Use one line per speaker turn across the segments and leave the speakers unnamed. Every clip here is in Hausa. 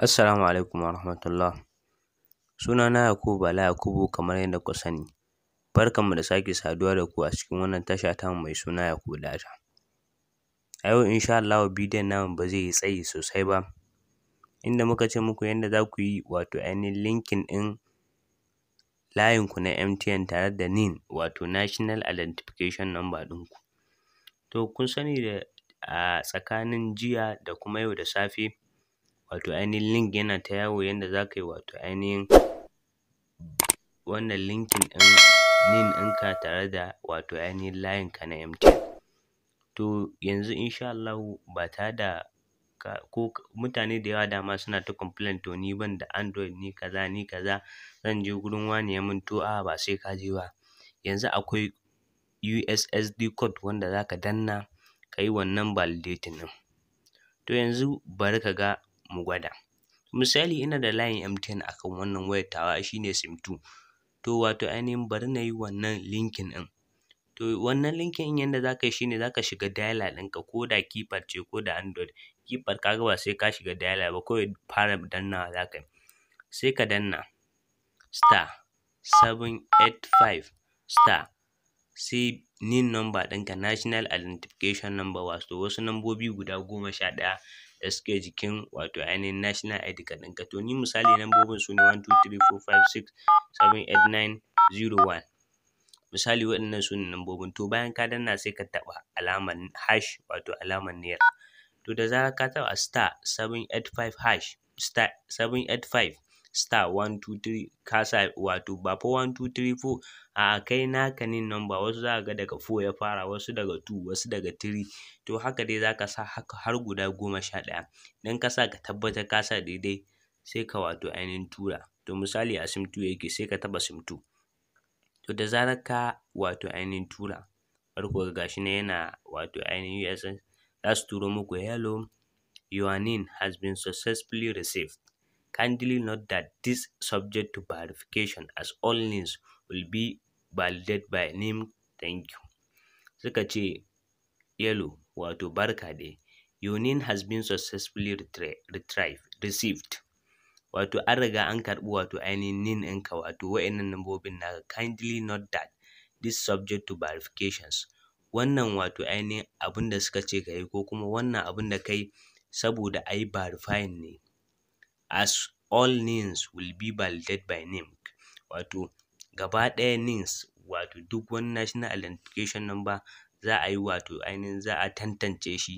Assalamu alaikum warahmatullah. Sunana Yakubu Bala Yakubu kamar yadda kuka sani. mu da sake saduwa da ku a cikin wannan tasha ta mai suna Yakubu Data. A yau insha Allah bidiyon namu ba zai yi tsayi sosai ba, inda muka ce muku yadda za ku yi wato ainihin linkin ɗin layinku na MTN tare da NIN wato National Identification Number ɗinku. To kun sani da a tsakanin jiya da kuma yau da safe wato ainihin link yana ta yawo yanda za ka yi wato ainihin wannan linkin ɗin nin ɗinka tare da wato ainihin layinka na MTN. To yanzu insha Allahu ba tare da ko mutane da yawa dama suna ta complain to ni ban da Android ni kaza ni kaza zan je gurin wane ya min to ba sai ka je ba. Yanzu akwai USSD code wanda za ka danna ka yi wannan validating ɗin. To yanzu bari ka ga mu gwada misali ina da layin MTN akan wannan wayar tawa shine sim two to wato ainihin bari na yi wannan linkin ɗin to wannan linkin ɗin yanda za ka yi ne, za ka shiga dialer ɗinka ko da keypad ce ko da android keypad ka ga ba sai ka shiga dialer ba kawai fara dannawa za ka yi sai ka danna star seven eight five star sai NIN namba ɗinka National Identification Number wato wasu lambobi guda goma sha ɗaya da suke jikin wato ainihin National ID Card ɗinka. To ni misali lambobin su ne one two three four five six seven eight nine zero one. Misali waɗannan su ne lambobin. To bayan ka danna sai ka taɓa alaman hash wato alaman naira. To da zarar ka taɓa star seven eight five hash star seven eight five star one two three ka sa wato ba fa one two three four a'a kai naka ne number wasu za ka ga daga four ya fara wasu daga two wasu daga three to haka dai za ka sa haka har guda goma sha ɗaya idan ka sa ka tabbatar ka sa daidai sai ka wato ainihin tura to misali a sim two yake sai ka taɓa sim two to da zarar ka wato ainihin tura har farko ga shi nan yana wato ainihin USSD za su turo muku hello your name has been successfully received Kindly note that this subject to verification as all names will be validated by named thank you. Suka ce yellow wato barka dai your name has been successfully retrieved received wato an riga an karɓi wato ainihin nin ɗinka wato wa'annan nambobin na? kindly note that this subject to verifications wannan wato ainihin abunda suka ce ka yi ko kuma wannan abun da kai saboda a yi verifying ne as all names will be validated by NIMC. Wato gaba ɗaya NIMS wato duk wani National Identification Number za a yi wato ainihin za a tantance shi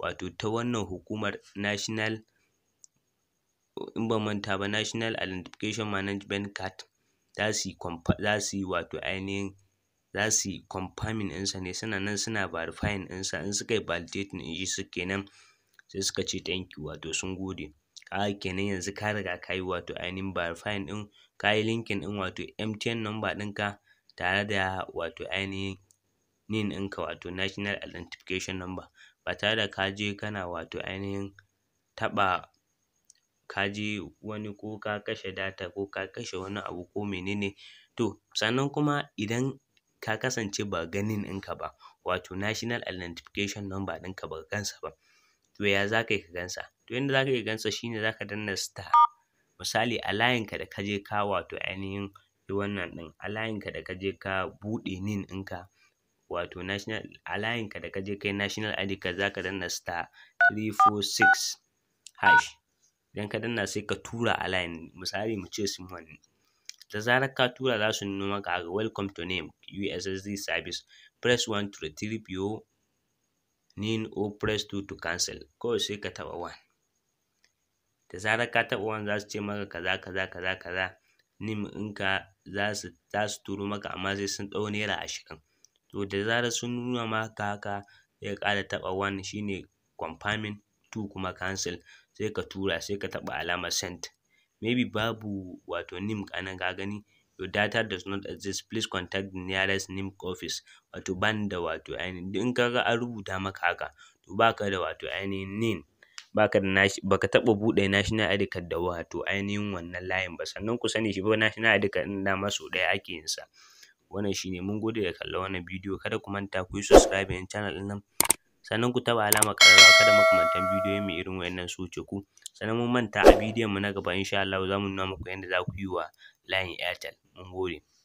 wato ta wannan hukumar National in ban manta ba National Identification Management Card za su yi za su yi wato ainihin za su yi confirming ɗinsa ne suna nan suna verifying ɗinsa in suka yi validating ɗin shi kenan sai suka ce thank you wato sun gode. kaga kenan yanzu ka riga ka yi wato ainihin verifying ɗin ka yi linking ɗin wato MTN number ɗinka tare da wato ainihin NIN ɗinka wato National Identification Number ba tare da ka je kana wato ainihin taɓa ka je wani ko ka kashe data ko ka kashe wani abu ko mene ne to sannan kuma idan ka kasance ba ga NIN ɗinka ba wato National Identification Number ɗinka ba ka gansa ba to ya za ka yi ka gansa to yanda zaka iya gansa shine zaka danna star misali a layinka da kaje ka wato ainihin yi wannan ɗin a layinka da kaje ka buɗe nin ɗinka wato national a layinka da kaje kayi national ID card zaka danna star three four six hash idan ka danna sai ka tura a layin misali mu ce sim one da zarar ka tura za su nuno maka a welcome to name USSD service press one to retrieve your nin or press two to cancel kawai sai ka taɓa one da zarar ka taɓa wani za su ce maka kaza kaza kaza kaza nim ɗinka za su za su turo maka amma sai sun ɗau naira ashirin to da zarar sun nuna maka haka sai ka ƙara taɓa wani shine confirming tu kuma cancel sai ka tura sai ka taɓa alamar send maybe babu wato nim anan ka gani your data does not exist please contact the nearest NIM office wato ban da wato ainihin in ka ga an rubuta maka haka to ba ka da wato ainihin NIN baka da nashi baka taɓa buɗe national id card da wato ainihin wannan layin ba sannan ku sani shi ba national id card ɗin dama sau ɗaya ake yin sa wannan shi ne, mun gode da kallon wannan bidiyo kada ku manta ku yi subscribing channel ɗin nan sannan ku taɓa alamar ƙararrawa kada makamantan bidiyoyin mu irin waɗannan su wuce ku sannan mun manta a bidiyon mu na gaba insha Allah za mu nuna muku yadda za ku yi wa layin Airtel mun gode